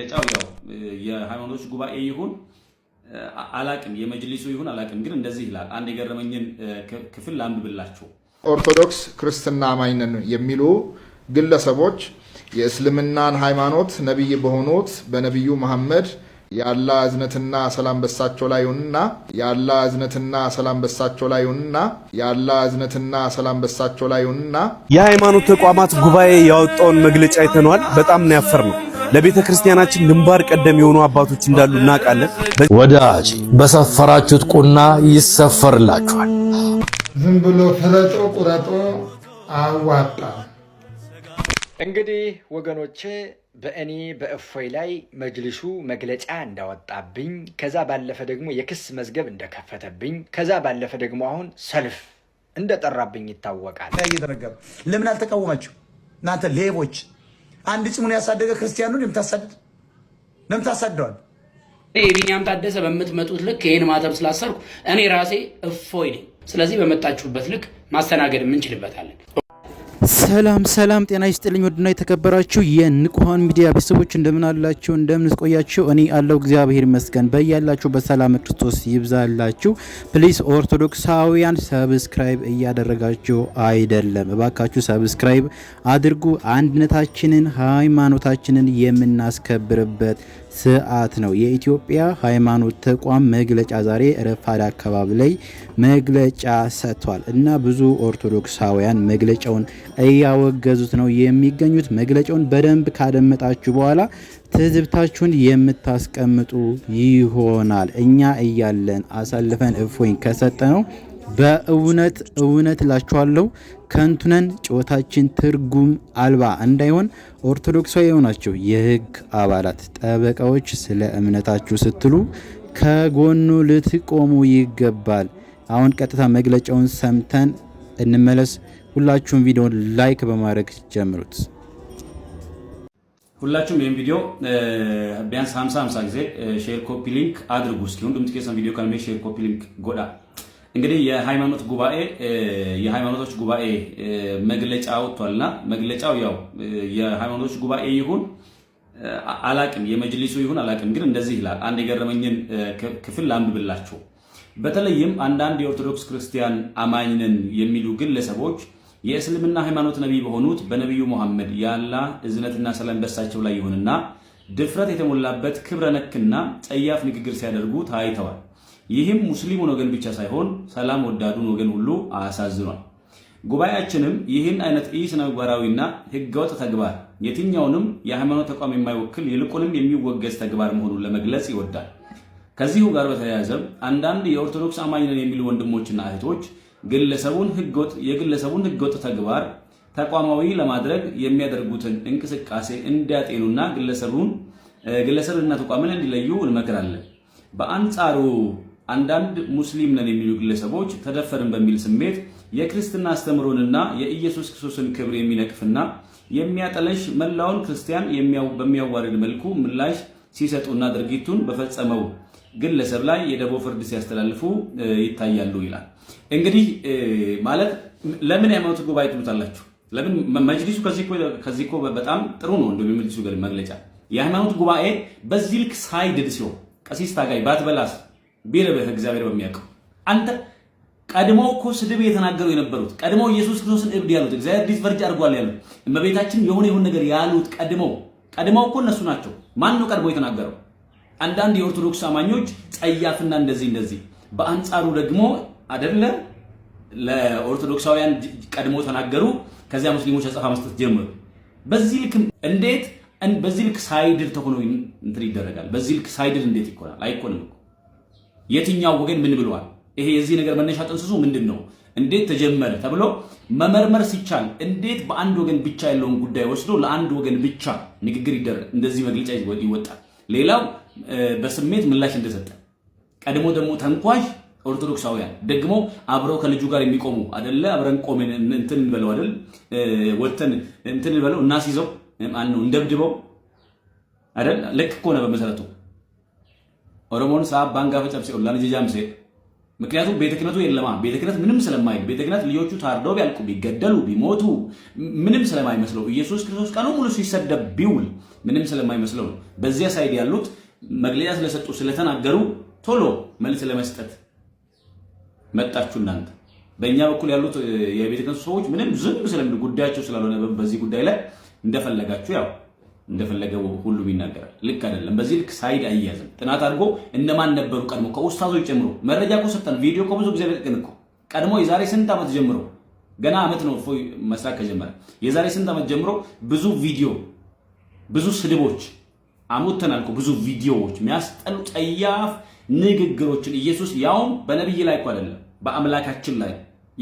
መግለጫው ያው የሃይማኖቶች ጉባኤ ይሁን አላቅም የመጅሊሱ ይሁን አላቅም፣ ግን እንደዚህ ይላል። አንድ የገረመኝን ክፍል ላንብብላችሁ። ኦርቶዶክስ ክርስትና አማኝ ነን የሚሉ ግለሰቦች የእስልምናን ሃይማኖት ነቢይ በሆኑት በነቢዩ መሐመድ የአላ እዝነትና ሰላም በሳቸው ላይ ይሁንና የአላ እዝነትና ሰላም በሳቸው ላይ ይሁንና የአላ እዝነትና ሰላም በሳቸው ላይ ይሁንና የሃይማኖት ተቋማት ጉባኤ ያወጣውን መግለጫ አይተነዋል። በጣም ነው ያፈርነው። ለቤተ ክርስቲያናችን ግንባር ቀደም የሆኑ አባቶች እንዳሉ እናውቃለን። ወዳጅ በሰፈራችሁት ቁና ይሰፈርላችኋል። ዝም ብሎ ፍለጦ ቁረጦ አዋጣ። እንግዲህ ወገኖቼ በእኔ በእፎይ ላይ መጅልሱ መግለጫ እንዳወጣብኝ ከዛ ባለፈ ደግሞ የክስ መዝገብ እንደከፈተብኝ ከዛ ባለፈ ደግሞ አሁን ሰልፍ እንደጠራብኝ ይታወቃል። እየተነገረ ለምን አልተቃወማችሁ እናንተ ሌቦች? አንድ ጭሙን ያሳደገ ክርስቲያኑ ለምን ታሳድደዋል? ቢኒያም ታደሰ በምትመጡት ልክ ይህን ማተብ ስላሰርኩ እኔ ራሴ እፎይ ነኝ። ስለዚህ በመጣችሁበት ልክ ማስተናገድ የምንችልበታለን። ሰላም ሰላም፣ ጤና ይስጥልኝ። ወድና የተከበራችሁ የንቁሃን ሚዲያ ቤተሰቦች እንደምን አላችሁ? እንደምን ቆያችሁ? እኔ አለው እግዚአብሔር ይመስገን። በያላችሁ በሰላም ክርስቶስ ይብዛላችሁ። ፕሊስ ኦርቶዶክሳውያን ሰብስክራይብ እያደረጋችሁ አይደለም፣ እባካችሁ ሰብስክራይብ አድርጉ። አንድነታችንን ሃይማኖታችንን የምናስከብርበት ስርዓት ነው። የኢትዮጵያ ሃይማኖት ተቋም መግለጫ ዛሬ ረፋድ አካባቢ ላይ መግለጫ ሰጥቷል እና ብዙ ኦርቶዶክሳውያን መግለጫውን እያወገዙት ነው የሚገኙት። መግለጫውን በደንብ ካደመጣችሁ በኋላ ትዝብታችሁን የምታስቀምጡ ይሆናል። እኛ እያለን አሳልፈን እፎኝ ከሰጠ ነው በእውነት እውነት እላችኋለሁ ከንቱነን ጩኸታችን ትርጉም አልባ እንዳይሆን ኦርቶዶክሳዊ የሆናችሁ የህግ አባላት ጠበቃዎች፣ ስለ እምነታችሁ ስትሉ ከጎኑ ልትቆሙ ይገባል። አሁን ቀጥታ መግለጫውን ሰምተን እንመለስ። ሁላችሁም ቪዲዮን ላይክ በማድረግ ጀምሩት። ሁላችሁም ይህን ቪዲዮ ቢያንስ 50 50 ጊዜ ሼር ኮፒ ሊንክ አድርጉ። እስኪ ሁንዱም ጥቄሰን ቪዲዮ ካልሜ ሼር ኮፒ ሊንክ ጎዳ እንግዲህ የሃይማኖት ጉባኤ የሃይማኖቶች ጉባኤ መግለጫ ወጥቷልና መግለጫው ያው የሃይማኖቶች ጉባኤ ይሁን አላቅም የመጅሊሱ ይሁን አላቅም፣ ግን እንደዚህ ይላል። አንድ የገረመኝን ክፍል ላንብብላችሁ። በተለይም አንዳንድ የኦርቶዶክስ ክርስቲያን አማኝ ነን የሚሉ ግለሰቦች የእስልምና ሃይማኖት ነቢይ በሆኑት በነቢዩ መሐመድ ያላ እዝነትና ሰላም በሳቸው ላይ ይሁንና ድፍረት የተሞላበት ክብረ ነክና ጸያፍ ንግግር ሲያደርጉ ታይተዋል። ይህም ሙስሊሙን ወገን ብቻ ሳይሆን ሰላም ወዳዱን ወገን ሁሉ አሳዝኗል። ጉባኤያችንም ይህን አይነት ኢ ስነምግባራዊና ህገወጥ ተግባር የትኛውንም የሃይማኖት ተቋም የማይወክል ይልቁንም የሚወገዝ ተግባር መሆኑን ለመግለጽ ይወዳል። ከዚሁ ጋር በተያያዘም አንዳንድ የኦርቶዶክስ አማኝ ነን የሚሉ ወንድሞችና እህቶች የግለሰቡን ህገወጥ ተግባር ተቋማዊ ለማድረግ የሚያደርጉትን እንቅስቃሴ እንዲያጤኑና ግለሰቡን ተቋምን እንዲለዩ እንመክራለን። በአንጻሩ አንዳንድ ሙስሊም ነን የሚሉ ግለሰቦች ተደፈርን በሚል ስሜት የክርስትና አስተምሮንና የኢየሱስ ክርስቶስን ክብር የሚነቅፍና የሚያጠለሽ መላውን ክርስቲያን በሚያዋርድ መልኩ ምላሽ ሲሰጡና ድርጊቱን በፈጸመው ግለሰብ ላይ የደቦ ፍርድ ሲያስተላልፉ ይታያሉ ይላል። እንግዲህ ማለት ለምን የሃይማኖት ጉባኤ ትሉታላችሁ? ለምን መጅሊሱ ከዚህ እኮ በጣም ጥሩ ነው። እንደውም የመጅሊሱ መግለጫ የሃይማኖት ጉባኤ በዚህ ልክ ሳይድድ ሲሆን ቀሲስ ታጋይ ባትበላስ ቢርብህ እግዚአብሔር በሚያውቀው አንተ ቀድሞ እኮ ስድብ የተናገሩ የነበሩት ቀድሞ ኢየሱስ ክርስቶስን እብድ ያሉት እግዚአብሔር ዲስ ዲስቨርጅ አድርጓል ያሉት እመቤታችን የሆነ ይሁን ነገር ያሉት ቀድሞ ቀድሞ እኮ እነሱ ናቸው። ማን ነው ቀድሞ የተናገረው? አንዳንድ የኦርቶዶክስ አማኞች ጸያፍና እንደዚህ እንደዚህ። በአንጻሩ ደግሞ አደለ ለኦርቶዶክሳውያን ቀድሞ ተናገሩ፣ ከዚያ ሙስሊሞች አጸፋ መስጠት ጀመሩ። በዚህ ልክ እንዴት በዚህ ልክ ሳይድል ተሆኖ እንትን ይደረጋል? በዚህ ልክ ሳይድል እንዴት ይኮናል? አይኮንም እኮ የትኛው ወገን ምን ብሏል፣ ይሄ የዚህ ነገር መነሻ ጥንስሱ ምንድን ነው፣ እንዴት ተጀመረ ተብሎ መመርመር ሲቻል እንዴት በአንድ ወገን ብቻ ያለውን ጉዳይ ወስዶ ለአንድ ወገን ብቻ ንግግር ይደረግ፣ እንደዚህ መግለጫ ይወጣል። ሌላው በስሜት ምላሽ እንደሰጠ ቀድሞ ደግሞ ተንኳሽ ኦርቶዶክሳውያን ደግሞ አብረው ከልጁ ጋር የሚቆሙ አደለ አብረን ቆመን እንትን እንበለው አደል ወጥተን እንትን እንበለው እናስይዘው እንደብድበው አይደል ልክ ከሆነ በመሰረቱ ኦሮሞን ሰዓብ ባንጋፈ ጨብሴ ኦላን ጀጃምሴ ምክንያቱም ቤተ ክህነቱ የለማ ቤተ ክህነት ምንም ስለማይል ቤተ ክህነት ልጆቹ ታርደው ቢያልቁ ቢገደሉ ቢሞቱ ምንም ስለማይመስለው ኢየሱስ ክርስቶስ ቀኑ ሙሉ ሲሰደብ ቢውል ምንም ስለማይመስለው ነው። በዚያ ሳይድ ያሉት መግለጫ ስለሰጡ ስለተናገሩ ቶሎ መልስ ለመስጠት መጣችሁ እናንተ። በእኛ በኩል ያሉት የቤተ ክህነቱ ሰዎች ምንም ዝም ስለሚሉ ጉዳያቸው ስላልሆነ በዚህ ጉዳይ ላይ እንደፈለጋችሁ ያው እንደፈለገ ሁሉም ይናገራል። ልክ አይደለም። በዚህ ልክ ሳይድ አይያዝም። ጥናት አድርጎ እነማን ነበሩ ቀድሞ ከኡስታዞች ጀምሮ መረጃ እኮ ሰጥተን ቪዲዮ ከብዙ ጊዜ ለቅን እኮ ቀድሞ የዛሬ ስንት ዓመት ጀምሮ ገና ዓመት ነው እፎይ መስራት ከጀመረ የዛሬ ስንት ዓመት ጀምሮ ብዙ ቪዲዮ ብዙ ስድቦች አሙተናል እኮ ብዙ ቪዲዮዎች የሚያስጠሉ ጸያፍ ንግግሮችን ኢየሱስ ያውም በነቢይ ላይ እኮ አይደለም በአምላካችን ላይ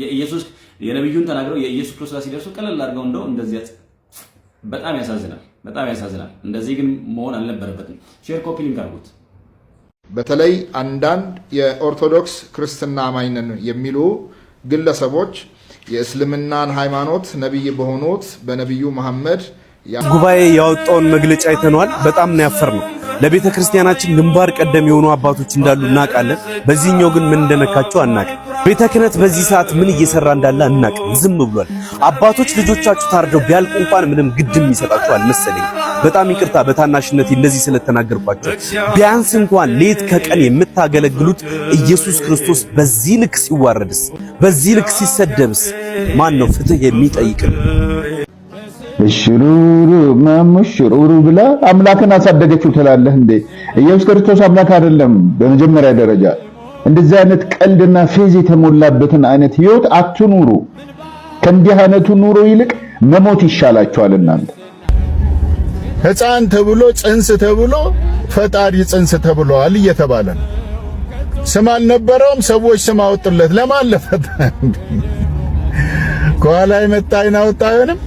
የኢየሱስ የነቢዩን ተናግረው የኢየሱስ ክርስቶስ ሲደርሱ ቀለል አድርገው እንደው እንደዚያ በጣም ያሳዝናል። በጣም ያሳዝናል። እንደዚህ ግን መሆን አልነበረበትም። ሼር ኮፒ ሊንክ አድርጉት። በተለይ አንዳንድ የኦርቶዶክስ ክርስትና አማኝነን የሚሉ ግለሰቦች የእስልምናን ሃይማኖት ነቢይ በሆኑት በነቢዩ መሐመድ ጉባኤ ያወጣውን መግለጫ አይተነዋል። በጣም ነው ያፈር ነው ለቤተ ክርስቲያናችን ግንባር ቀደም የሆኑ አባቶች እንዳሉ እናውቃለን። በዚህኛው ግን ምን እንደነካቸው አናቅ። ቤተ ክህነት በዚህ ሰዓት ምን እየሰራ እንዳለ አናቅ፣ ዝም ብሏል። አባቶች ልጆቻችሁ ታርደው ቢያልቁ እንኳን ምንም ግድ የሚሰጣቸው አልመሰለኝ። በጣም ይቅርታ በታናሽነት እንደዚህ ስለተናገርኳቸው። ቢያንስ እንኳን ሌት ከቀን የምታገለግሉት ኢየሱስ ክርስቶስ በዚህ ልክ ሲዋረድስ፣ በዚህ ልክ ሲሰደብስ ማን ነው ፍትህ የሚጠይቅ? ሽሩሩ ማሙ ሽሩሩ ብላ አምላክን አሳደገችው ትላለህ እንዴ? ኢየሱስ ክርስቶስ አምላክ አይደለም። በመጀመሪያ ደረጃ እንደዚህ አይነት ቀልድና ፌዝ የተሞላበትን አይነት ህይወት አትኑሩ። ከእንዲህ አይነቱ ኑሮ ይልቅ መሞት ይሻላችኋል። እናንተ ሕፃን ተብሎ ጽንስ ተብሎ ፈጣሪ ጽንስ ተብለዋል እየተባለ ነው። ስም አልነበረውም፣ ሰዎች ስም አወጡለት። ለማለፈት ከኋላ የመጣ አይን አይሆንም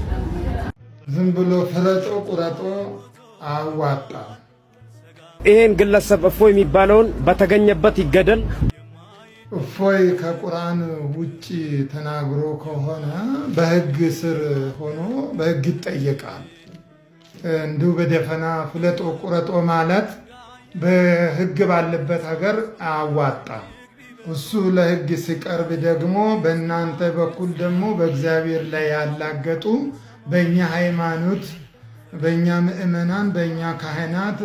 ዝም ብሎ ፍረጦ ቁረጦ አዋጣ። ይህን ግለሰብ እፎ የሚባለውን በተገኘበት ይገደል። እፎይ ከቁርአን ውጭ ተናግሮ ከሆነ በህግ ስር ሆኖ በህግ ይጠየቃል። እንዲሁ በደፈና ፍለጦ ቁረጦ ማለት በህግ ባለበት ሀገር አዋጣ እሱ ለህግ ሲቀርብ ደግሞ በእናንተ በኩል ደግሞ በእግዚአብሔር ላይ ያላገጡ በእኛ ሃይማኖት በእኛ ምእመናን በእኛ ካህናት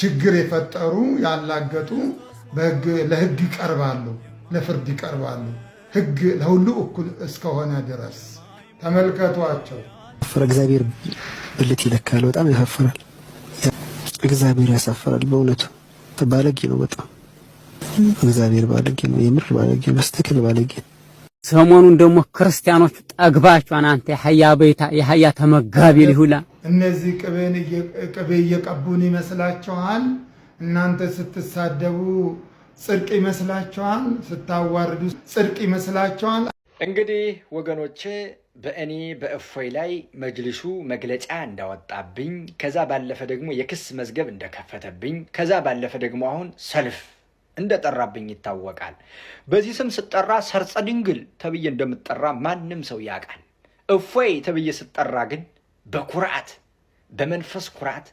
ችግር የፈጠሩ ያላገጡ ለህግ ይቀርባሉ፣ ለፍርድ ይቀርባሉ። ህግ ለሁሉ እኩል እስከሆነ ድረስ ተመልከቷቸው። ፈረ እግዚአብሔር ብልት ይለካል። በጣም ያሳፍራል። እግዚአብሔር ያሳፍራል። በእውነቱ ባለጌ ነው። በጣም እግዚአብሔር ባለጌ ነው። የምር ባለጌ ነው። በስተክል ባለጌ ነው። ሰሞኑን ደግሞ ክርስቲያኖቹ ጠግባችኋን አንተ የሀያ በይታ የሀያ ተመጋቢ ሊሁላ እነዚህ ቅቤ እየቀቡን ይመስላችኋል። እናንተ ስትሳደቡ ጽድቅ ይመስላችኋል። ስታዋርዱ ጽድቅ ይመስላችኋል። እንግዲህ ወገኖቼ በእኔ በእፎይ ላይ መጅልሱ መግለጫ እንዳወጣብኝ ከዛ ባለፈ ደግሞ የክስ መዝገብ እንደከፈተብኝ ከዛ ባለፈ ደግሞ አሁን ሰልፍ እንደጠራብኝ ይታወቃል። በዚህ ስም ስጠራ ሰርጸ ድንግል ተብዬ እንደምጠራ ማንም ሰው ያውቃል። እፎይ ተብዬ ስጠራ ግን በኩራት በመንፈስ ኩራት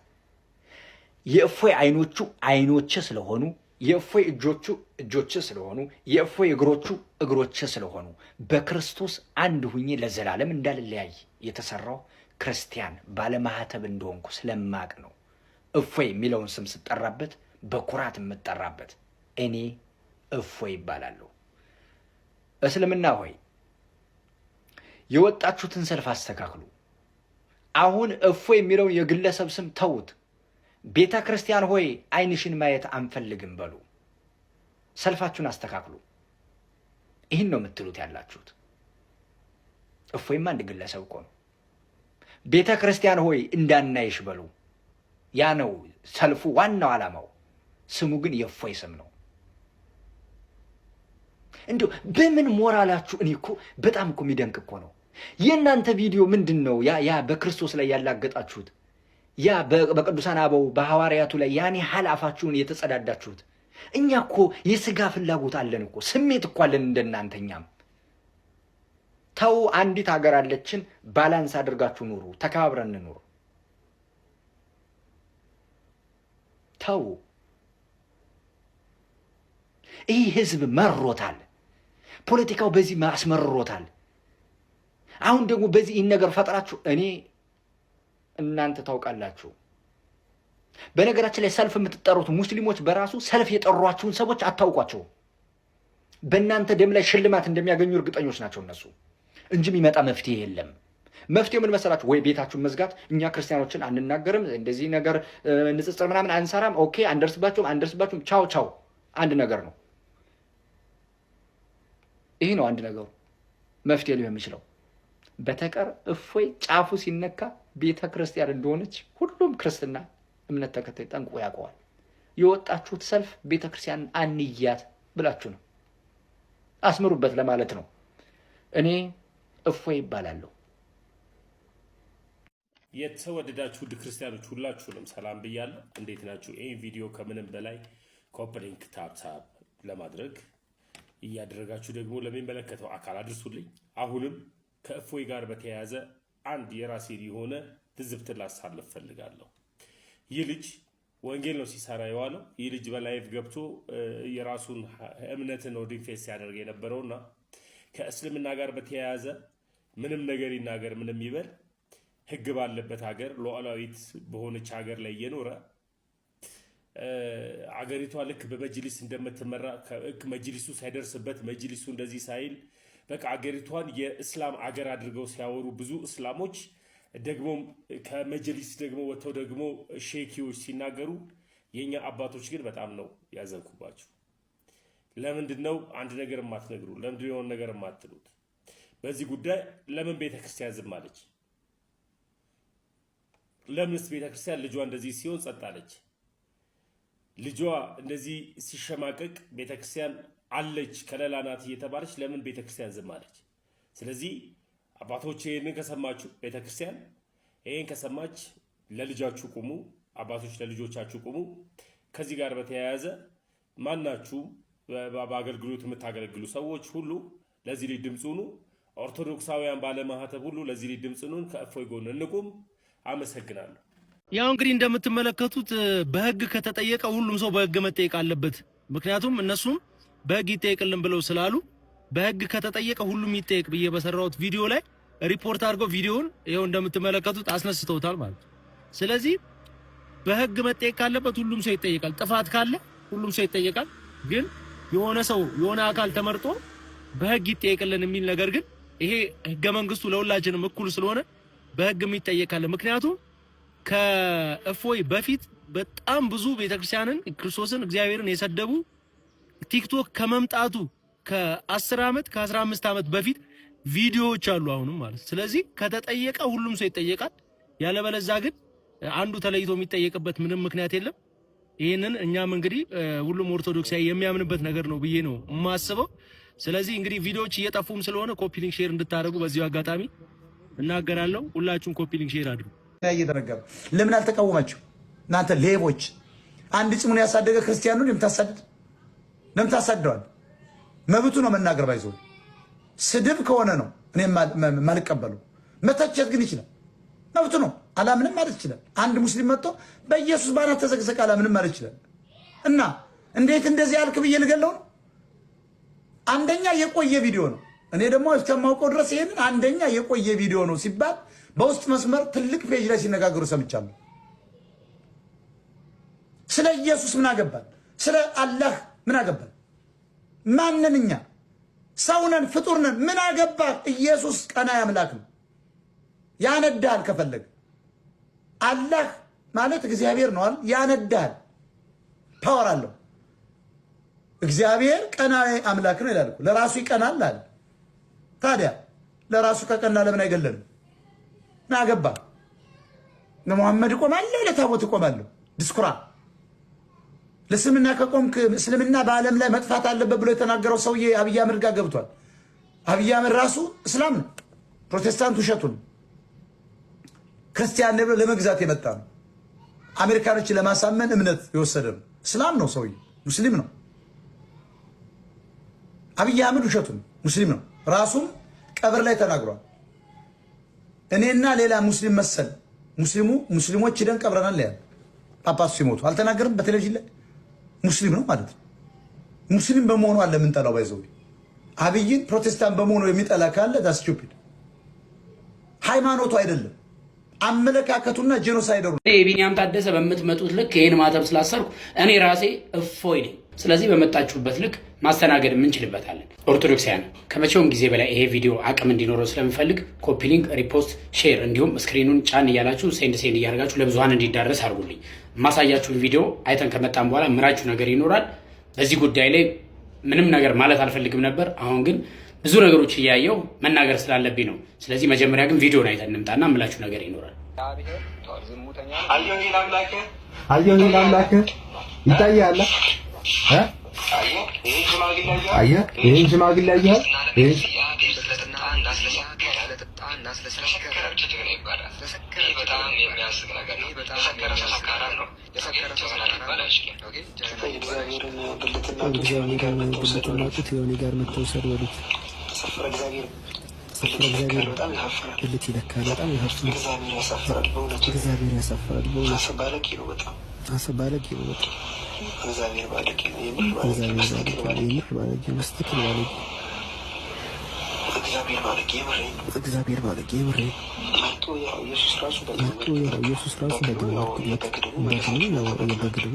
የእፎይ አይኖቹ አይኖች ስለሆኑ የእፎይ እጆቹ እጆች ስለሆኑ የእፎይ እግሮቹ እግሮች ስለሆኑ በክርስቶስ አንድ ሁኜ ለዘላለም እንዳልለያይ የተሰራው ክርስቲያን ባለማህተብ እንደሆንኩ ስለማቅ ነው እፎይ የሚለውን ስም ስጠራበት በኩራት የምጠራበት እኔ እፎ ይባላለሁ። እስልምና ሆይ የወጣችሁትን ሰልፍ አስተካክሉ። አሁን እፎ የሚለውን የግለሰብ ስም ተዉት። ቤተ ክርስቲያን ሆይ አይንሽን ማየት አንፈልግም በሉ። ሰልፋችሁን አስተካክሉ። ይህን ነው የምትሉት ያላችሁት። እፎይም አንድ ግለሰብ እኮ ነው። ቤተ ክርስቲያን ሆይ እንዳናይሽ በሉ። ያ ነው ሰልፉ ዋናው ዓላማው። ስሙ ግን የእፎይ ስም ነው። እንዲሁ በምን ሞራላችሁ? እኔ እኮ በጣም እኮ የሚደንቅ እኮ ነው የእናንተ ቪዲዮ ምንድን ነው ያ ያ በክርስቶስ ላይ ያላገጣችሁት ያ በቅዱሳን አበው በሐዋርያቱ ላይ ያኔ ሀላፋችሁን የተጸዳዳችሁት። እኛ እኮ የስጋ ፍላጎት አለን እኮ ስሜት እኮ አለን እንደናንተኛም ተው፣ አንዲት ሀገር አለችን፣ ባላንስ አድርጋችሁ ኑሩ፣ ተከባብረን ኑሩ። ተው፣ ይህ ህዝብ መሮታል። ፖለቲካው በዚህ አስመርሮታል። አሁን ደግሞ በዚህ ይህን ነገር ፈጥራችሁ እኔ እናንተ ታውቃላችሁ። በነገራችን ላይ ሰልፍ የምትጠሩት ሙስሊሞች በራሱ ሰልፍ የጠሯችሁን ሰዎች አታውቋቸው በእናንተ ደም ላይ ሽልማት እንደሚያገኙ እርግጠኞች ናቸው እነሱ እንጂ የሚመጣ መፍትሄ የለም። መፍትሄ ምን መሰላችሁ? ወይ ቤታችሁን መዝጋት፣ እኛ ክርስቲያኖችን አንናገርም፣ እንደዚህ ነገር ንጽጽር ምናምን አንሰራም፣ ኦኬ፣ አንደርስባችሁም፣ አንደርስባችሁም፣ ቻው ቻው። አንድ ነገር ነው። ይህ ነው አንድ ነገሩ መፍትሄ ሊሆን የሚችለው። በተቀር እፎይ ጫፉ ሲነካ ቤተ ክርስቲያን እንደሆነች ሁሉም ክርስትና እምነት ተከታይ ጠንቅቆ ያውቀዋል። የወጣችሁት ሰልፍ ቤተ አንያት ብላችሁ ነው፣ አስምሩበት ለማለት ነው። እኔ እፎይ ይባላለሁ። የተወደዳችሁ ውድ ክርስቲያኖች ሁላችሁንም ሰላም ብያለሁ። እንዴት ናችሁ? ይህ ቪዲዮ ከምንም በላይ ኮፕሊንክ ታፕታፕ ለማድረግ እያደረጋችሁ ደግሞ ለሚመለከተው አካል አድርሱልኝ። አሁንም ከእፎይ ጋር በተያያዘ አንድ የራሴ የሆነ ትዝብትን ላሳልፍ ፈልጋለሁ። ይህ ልጅ ወንጌል ነው ሲሰራ የዋለው። ይህ ልጅ በላይቭ ገብቶ የራሱን እምነትን ነው ዲፌንስ ሲያደርግ የነበረውና ከእስልምና ጋር በተያያዘ ምንም ነገር ይናገር ምንም ይበል ህግ ባለበት ሀገር ሉዓላዊት በሆነች ሀገር ላይ እየኖረ አገሪቷ ልክ በመጅሊስ እንደምትመራ መጅሊሱ ሳይደርስበት መጅሊሱ እንደዚህ ሳይል በቃ አገሪቷን የእስላም አገር አድርገው ሲያወሩ ብዙ እስላሞች ደግሞ ከመጅሊስ ደግሞ ወጥተው ደግሞ ሼኪዎች ሲናገሩ የእኛ አባቶች ግን በጣም ነው ያዘንኩባቸው። ለምንድን ነው አንድ ነገር የማትነግሩ? ለምንድን የሆነ ነገር የማትሉት? በዚህ ጉዳይ ለምን ቤተክርስቲያን ዝም አለች? ለምንስ ቤተክርስቲያን ልጇ እንደዚህ ሲሆን ጸጥ አለች? ልጇ እንደዚህ ሲሸማቀቅ ቤተክርስቲያን አለች ከለላ ናት እየተባለች ለምን ቤተክርስቲያን ዝም አለች? ስለዚህ አባቶች ይህንን ከሰማችሁ ቤተክርስቲያን ይህን ከሰማች ለልጃችሁ ቁሙ፣ አባቶች ለልጆቻችሁ ቁሙ። ከዚህ ጋር በተያያዘ ማናችሁም በአገልግሎት የምታገለግሉ ሰዎች ሁሉ ለዚህ ልጅ ድምፅ ሁኑ። ኦርቶዶክሳውያን ባለማህተብ ሁሉ ለዚህ ልጅ ድምፅ ሁኑን። ከእፎይ ጎን እንቁም። አመሰግናለሁ። ያው እንግዲህ እንደምትመለከቱት በህግ ከተጠየቀ ሁሉም ሰው በህግ መጠየቅ አለበት። ምክንያቱም እነሱም በህግ ይጠየቅልን ብለው ስላሉ በህግ ከተጠየቀ ሁሉም ይጠየቅ ብዬ በሰራሁት ቪዲዮ ላይ ሪፖርት አድርገው ቪዲዮውን ይኸው እንደምትመለከቱት አስነስተውታል ማለት ነው። ስለዚህ በህግ መጠየቅ ካለበት ሁሉም ሰው ይጠየቃል። ጥፋት ካለ ሁሉም ሰው ይጠየቃል። ግን የሆነ ሰው የሆነ አካል ተመርጦ በህግ ይጠየቅልን የሚል ነገር ግን ይሄ ህገ መንግስቱ ለሁላችንም እኩል ስለሆነ በህግ የሚጠየቃለን ምክንያቱም ከእፎይ በፊት በጣም ብዙ ቤተክርስቲያንን ክርስቶስን እግዚአብሔርን የሰደቡ ቲክቶክ ከመምጣቱ ከ10 ዓመት ከ15 ዓመት በፊት ቪዲዮዎች አሉ አሁንም ማለት ስለዚህ ከተጠየቀ ሁሉም ሰው ይጠየቃል ያለበለዛ ግን አንዱ ተለይቶ የሚጠየቅበት ምንም ምክንያት የለም ይህንን እኛም እንግዲህ ሁሉም ኦርቶዶክሳዊ የሚያምንበት ነገር ነው ብዬ ነው የማስበው ስለዚህ እንግዲህ ቪዲዮዎች እየጠፉም ስለሆነ ኮፒ ሊንክ ሼር እንድታደርጉ በዚሁ አጋጣሚ እናገራለሁ ሁላችሁም ኮፒ ሊንክ ሼር አድርጉ እየተረጋ ነው። ለምን አልተቃወማችሁ? እናንተ ሌቦች! አንድ ጭሙን ያሳደገ ክርስቲያኑ ነው መብቱ ነው መናገር። ባይዞ ስድብ ከሆነ ነው እኔ ማልቀበሉ። መተቸት ግን ይችላል፣ መብቱ ነው። አላምንም ማለት ይችላል። አንድ ሙስሊም መጥቶ በኢየሱስ ባናት ተዘቅዘቅ አላምንም ማለት ይችላል። እና እንዴት እንደዚህ አልክ ብዬ ልገለው ነው። አንደኛ የቆየ ቪዲዮ ነው። እኔ ደግሞ እስከማውቀው ድረስ ይሄንን አንደኛ የቆየ ቪዲዮ ነው ሲባል በውስጥ መስመር ትልቅ ፔጅ ላይ ሲነጋገሩ ሰምቻለሁ። ስለ ኢየሱስ ምን አገባል? ስለ አላህ ምን አገባል? ማንን እኛ ሰውነን ፍጡርነን ምን አገባህ? ኢየሱስ ቀና አምላክ ነው፣ ያነዳል ከፈለግ። አላህ ማለት እግዚአብሔር ነዋል። ያነዳል ፓወር አለው። እግዚአብሔር ቀናዊ አምላክ ነው ይላል። ለራሱ ይቀናል አለ። ታዲያ ለራሱ ከቀና ለምን አይገለንም? አገባ። ለሙሐመድ እቆማለሁ፣ ለታቦት እቆማለሁ። ድስኩራ ለእስልምና ከቆምክ እስልምና በዓለም ላይ መጥፋት አለበት ብሎ የተናገረው ሰውዬ አብይ አህመድ ጋር ገብቷል። አብይ አህመድ ራሱ እስላም ነው፣ ፕሮቴስታንት ውሸቱን ክርስቲያን ብሎ ለመግዛት የመጣ ነው። አሜሪካኖችን ለማሳመን እምነት የወሰደ ነው። እስላም ነው ሰውዬ፣ ሙስሊም ነው። አብይ አህመድ ውሸቱን ሙስሊም ነው። ራሱም ቀብር ላይ ተናግሯል። እኔና ሌላ ሙስሊም መሰል ሙስሊሙ ሙስሊሞች ሂደን ቀብረናል ያለ ጳጳሱ ሲሞቱ አልተናገርም። በቴሌቪዥን ላይ ሙስሊም ነው ማለት ነው። ሙስሊም በመሆኑ አለ የምንጠላው ባይዘው አብይን ፕሮቴስታንት በመሆኑ የሚጠላ ካለ ስቱፒድ ሃይማኖቱ አይደለም አመለካከቱና ጄኖሳይደሩ። ቢኒያም ታደሰ በምትመጡት ልክ ይህን ማተብ ስላሰርኩ እኔ ራሴ እፎይ ነኝ። ስለዚህ በመጣችሁበት ልክ ማስተናገድ የምንችልበታለን። ኦርቶዶክሳያን ከመቼውም ጊዜ በላይ ይሄ ቪዲዮ አቅም እንዲኖረው ስለምፈልግ ኮፒ ሊንክ፣ ሪፖስት፣ ሼር እንዲሁም ስክሪኑን ጫን እያላችሁ ሴንድ ሴንድ እያደርጋችሁ ለብዙሀን እንዲዳረስ አድርጉልኝ። ማሳያችሁን ቪዲዮ አይተን ከመጣም በኋላ ምራችሁ ነገር ይኖራል። በዚህ ጉዳይ ላይ ምንም ነገር ማለት አልፈልግም ነበር። አሁን ግን ብዙ ነገሮች እያየው መናገር ስላለብኝ ነው። ስለዚህ መጀመሪያ ግን ቪዲዮን አይተን እንምጣና ምላችሁ ነገር ይኖራል። አየሁ አየህ፣ ይህን ሽማግሌ አየህ፣ የሆነ ጋር መተውሰድ በሉት ሰፈረ እግዚአብሔር በጣም ያሳፍራል። ብልት ይለካል። በጣም ያሳፍራል። እግዚአብሔር ያሳፍራል። በእውነት አስባለኪ ነው። በጣም አስባለኪ ነው። በጣም እግዚአብሔር ባለጌ ነው። እግዚአብሔር ባለጌ ምሬ መቶ ያው ኢየሱስ ራሱ በግድቡ ነው በግድቡ መልሳት ነው በግድቡ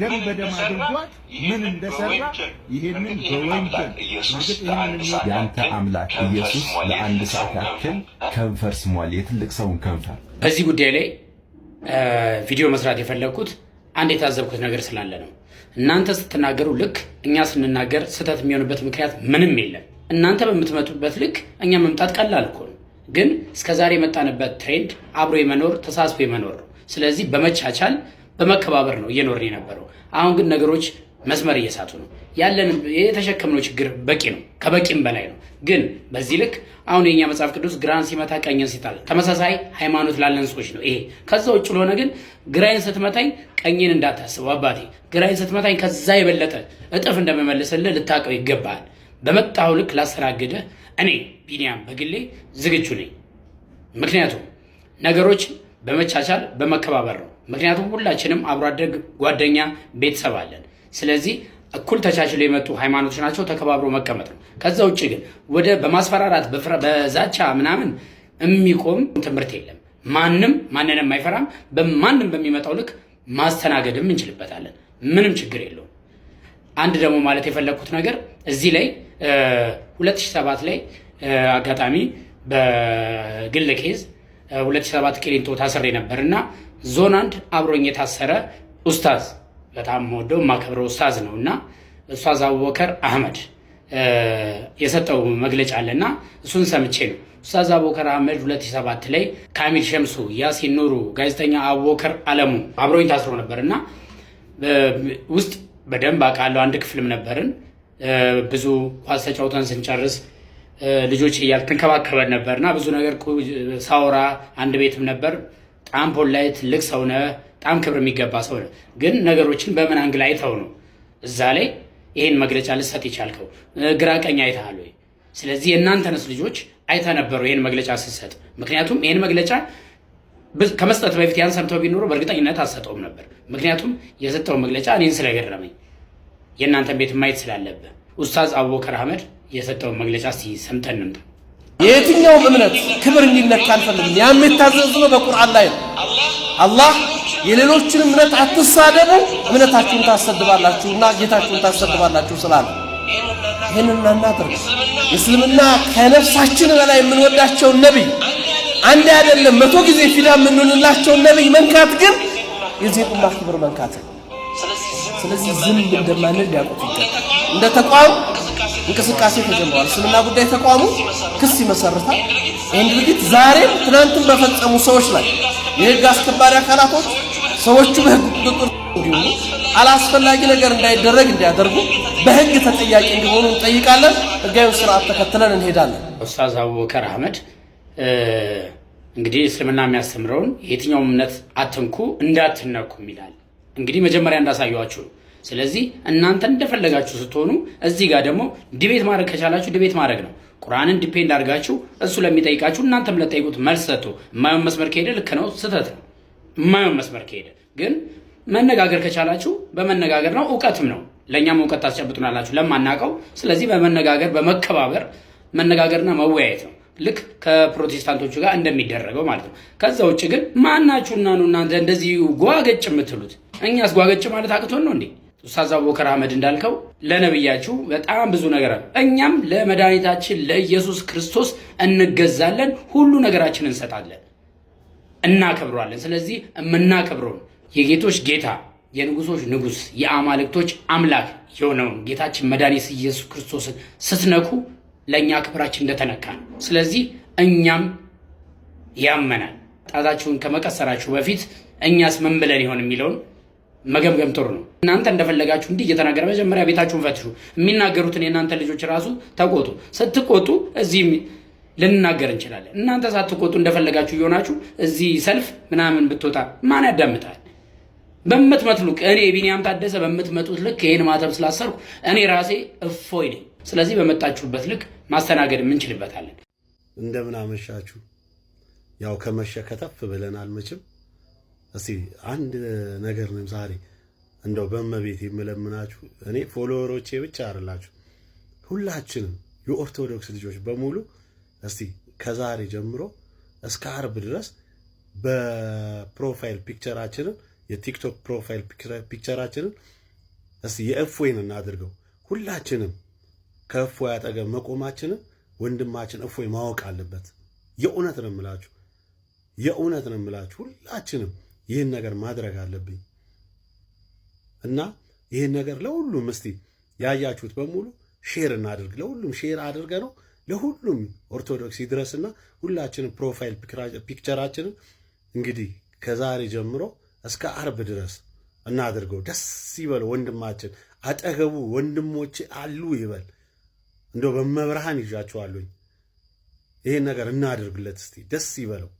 ደም በደም አድርጓት ምን እንደሰራ ይሄንን በወንጀል የአንተ አምላክ ኢየሱስ ለአንድ ሰዓት ያክል ከንፈር ስሟል፣ የትልቅ ሰውን ከንፈር። በዚህ ጉዳይ ላይ ቪዲዮ መስራት የፈለግኩት አንድ የታዘብኩት ነገር ስላለ ነው። እናንተ ስትናገሩ ልክ እኛ ስንናገር ስህተት የሚሆንበት ምክንያት ምንም የለም። እናንተ በምትመጡበት ልክ እኛ መምጣት ቀላል እኮ ነው። ግን እስከዛሬ የመጣንበት ትሬንድ አብሮ የመኖር ተሳስቦ የመኖር ነው። ስለዚህ በመቻቻል በመከባበር ነው እየኖርን የነበረው። አሁን ግን ነገሮች መስመር እየሳቱ ነው። ያለን የተሸከምነው ችግር በቂ ነው፣ ከበቂም በላይ ነው። ግን በዚህ ልክ አሁን የኛ መጽሐፍ ቅዱስ ግራን ሲመታ ቀኝን ሲጣል ተመሳሳይ ሃይማኖት ላለን ሰዎች ነው ይሄ። ከዛ ውጭ ለሆነ ግን ግራይን ስትመታኝ ቀኝን እንዳታስበው አባቴ፣ ግራይን ስትመታኝ ከዛ የበለጠ እጥፍ እንደመመልስልህ ልታውቀው ይገባል። በመጣው ልክ ላስተናግደህ እኔ ቢኒያም በግሌ ዝግጁ ነኝ። ምክንያቱም ነገሮች በመቻቻል በመከባበር ነው። ምክንያቱም ሁላችንም አብሮ አደግ ጓደኛ፣ ቤተሰብ አለን። ስለዚህ እኩል ተቻችሎ የመጡ ሃይማኖቶች ናቸው። ተከባብሮ መቀመጥ ነው። ከዛ ውጭ ግን ወደ በማስፈራራት በዛቻ ምናምን የሚቆም ትምህርት የለም። ማንም ማንንም አይፈራም። በማንም በሚመጣው ልክ ማስተናገድም እንችልበታለን። ምንም ችግር የለውም። አንድ ደግሞ ማለት የፈለግኩት ነገር እዚህ ላይ 2007 ላይ አጋጣሚ በግል ኬዝ 2007 ቂሊንጦ ታስሬ ነበር እና ዞን አንድ አብሮኝ የታሰረ ኡስታዝ በጣም ወደው የማከብረው ኡስታዝ ነው እና ኡስታዝ አቡበከር አህመድ የሰጠው መግለጫ አለ አለና እሱን ሰምቼ ነው። ኡስታዝ አቡበከር አህመድ 2007 ላይ ካሚል ሸምሱ፣ ያሲን ኑሩ፣ ጋዜጠኛ አቡበከር አለሙ አብሮኝ ታስሮ ነበር እና ውስጥ በደንብ አውቃለሁ። አንድ ክፍልም ነበርን ብዙ ኳስ ተጫውተን ስንጨርስ ልጆች እያልክ ነበር እና ብዙ ነገር ሳውራ አንድ ቤትም ነበር። ጣም ፖላይ ትልቅ ሰው ነህ፣ ክብር የሚገባ ሰው ነህ። ግን ነገሮችን በምን አንግል አይተው ነው እዛ ላይ ይሄን መግለጫ ልሰጥ ይቻልከው? ግራ ቀኝ አይተሃል ወይ? ስለዚህ የእናንተንስ ልጆች አይተ ነበሩ ይሄን መግለጫ ስትሰጥ? ምክንያቱም ይሄን መግለጫ ከመስጠት በፊት ያን ሰምተው ቢኖሩ በእርግጠኝነት አትሰጠውም ነበር። ምክንያቱም የሰጠው መግለጫ እኔን ስለገረመኝ የእናንተን ቤት ማየት ስላለብህ ኡስታዝ አቡበከር አህመድ የሰጠውን መግለጫ ሰምተን እንምጣ። የየትኛውም እምነት ክብር እንዲነካ አልፈልግም። ያም የታዘዝነው በቁርአን ላይ ነው። አላህ የሌሎችን እምነት አትሳደቡ፣ እምነታችሁን ታሰድባላችሁ እና ጌታችሁን ታሰድባላችሁ ስላለ ይህንን እናናደርግ። እስልምና ከነፍሳችን በላይ የምንወዳቸውን ነቢይ አንድ አይደለም መቶ ጊዜ ፊዳ የምንሆንላቸውን ነቢይ መንካት ግን የዚህ ቁማ ክብር መንካት። ስለዚህ ዝም እንደማንል ሊያውቁት ይገባል እንደ ተቋም እንቅስቃሴ ተጀምሯል እስልምና ጉዳይ ተቋሙ ክስ ይመሰርታል። ይህን ድርጊት ዛሬም ትናንትም በፈጸሙ ሰዎች ላይ የህግ አስከባሪ አካላቶች ሰዎቹ በህግ ቁጥጥር እንዲሆኑ አላስፈላጊ ነገር እንዳይደረግ እንዲያደርጉ በህግ ተጠያቂ እንዲሆኑ እንጠይቃለን። ህጋዊ ስርዓት ተከትለን እንሄዳለን። ኡስታዝ አቡበከር አህመድ እንግዲህ እስልምና የሚያስተምረውን የትኛውም እምነት አትንኩ እንዳትነኩም ይላል። እንግዲህ መጀመሪያ እንዳሳየዋችሁ ስለዚህ እናንተ እንደፈለጋችሁ ስትሆኑ እዚህ ጋር ደግሞ ዲቤት ማድረግ ከቻላችሁ ዲቤት ማድረግ ነው። ቁርአንን ዲፔንድ አድርጋችሁ እሱ ለሚጠይቃችሁ እናንተም ለጠይቁት መልስ ሰጥቶ የማየውን መስመር ከሄደ ልክ ነው፣ ስህተት ነው። የማየውን መስመር ከሄደ ግን መነጋገር ከቻላችሁ በመነጋገር ነው፣ እውቀትም ነው። ለእኛም እውቀት ታስጨብጡናላችሁ ለማናቀው ስለዚህ በመነጋገር በመከባበር መነጋገርና መወያየት ነው። ልክ ከፕሮቴስታንቶቹ ጋር እንደሚደረገው ማለት ነው። ከዛ ውጭ ግን ማናችሁና ነው እናንተ እንደዚህ ጓገጭ የምትሉት? እኛስ ጓገጭ ማለት አቅቶን ነው እንዴ? ኡስታዝ አቡበከር አህመድ እንዳልከው ለነብያችሁ በጣም ብዙ ነገር አለ። እኛም ለመድኃኒታችን ለኢየሱስ ክርስቶስ እንገዛለን፣ ሁሉ ነገራችን እንሰጣለን፣ እናከብረዋለን። ስለዚህ የምናከብረውን የጌቶች ጌታ የንጉሶች ንጉስ የአማልክቶች አምላክ የሆነውን ጌታችን መድኃኒት ኢየሱስ ክርስቶስን ስትነኩ ለእኛ ክብራችን እንደተነካ ነው። ስለዚህ እኛም ያመናል። ጣታችሁን ከመቀሰራችሁ በፊት እኛስ ምን ብለን ይሆን የሚለውን መገምገም ጥሩ ነው። እናንተ እንደፈለጋችሁ እንዲህ እየተናገረ መጀመሪያ ቤታችሁን ፈትሹ። የሚናገሩትን የእናንተ ልጆች ራሱ ተቆጡ። ስትቆጡ እዚህ ልንናገር እንችላለን። እናንተ ሳትቆጡ እንደፈለጋችሁ እየሆናችሁ እዚህ ሰልፍ ምናምን ብትወጣ ማን ያዳምጣል? በምትመትሉ እኔ ቢኒያም ታደሰ በምትመጡት ልክ ይህን ማተብ ስላሰርኩ እኔ ራሴ እፎይ ነኝ። ስለዚህ በመጣችሁበት ልክ ማስተናገድ የምንችልበታለን። እንደምን አመሻችሁ። ያው ከመሸ ከተፍ ብለናል መቼም እስቲ አንድ ነገር ለምሳሌ እንደው በመቤት የምለምናችሁ እኔ ፎሎወሮቼ ብቻ አይደላችሁ፣ ሁላችንም የኦርቶዶክስ ልጆች በሙሉ እስቲ ከዛሬ ጀምሮ እስከ አርብ ድረስ በፕሮፋይል ፒክቸራችንን የቲክቶክ ፕሮፋይል ፒክቸራችንን እስቲ የእፎይን እናድርገው። ሁላችንም ከእፎይ አጠገብ መቆማችንን ወንድማችን እፎይ ማወቅ አለበት። የእውነት ነው የምላችሁ፣ የእውነት ነው የምላችሁ ሁላችንም ይህን ነገር ማድረግ አለብኝ እና ይህን ነገር ለሁሉም እስቲ ያያችሁት በሙሉ ሼር እናድርግ። ለሁሉም ሼር አድርገ ነው ለሁሉም ኦርቶዶክስ ይድረስና ሁላችንም ፕሮፋይል ፒክቸራችንን እንግዲህ ከዛሬ ጀምሮ እስከ አርብ ድረስ እናድርገው። ደስ ይበለው ወንድማችን፣ አጠገቡ ወንድሞች አሉ ይበል። እንደው በመብርሃን ይዣችኋለሁኝ። ይህን ነገር እናድርግለት እስቲ፣ ደስ ይበለው።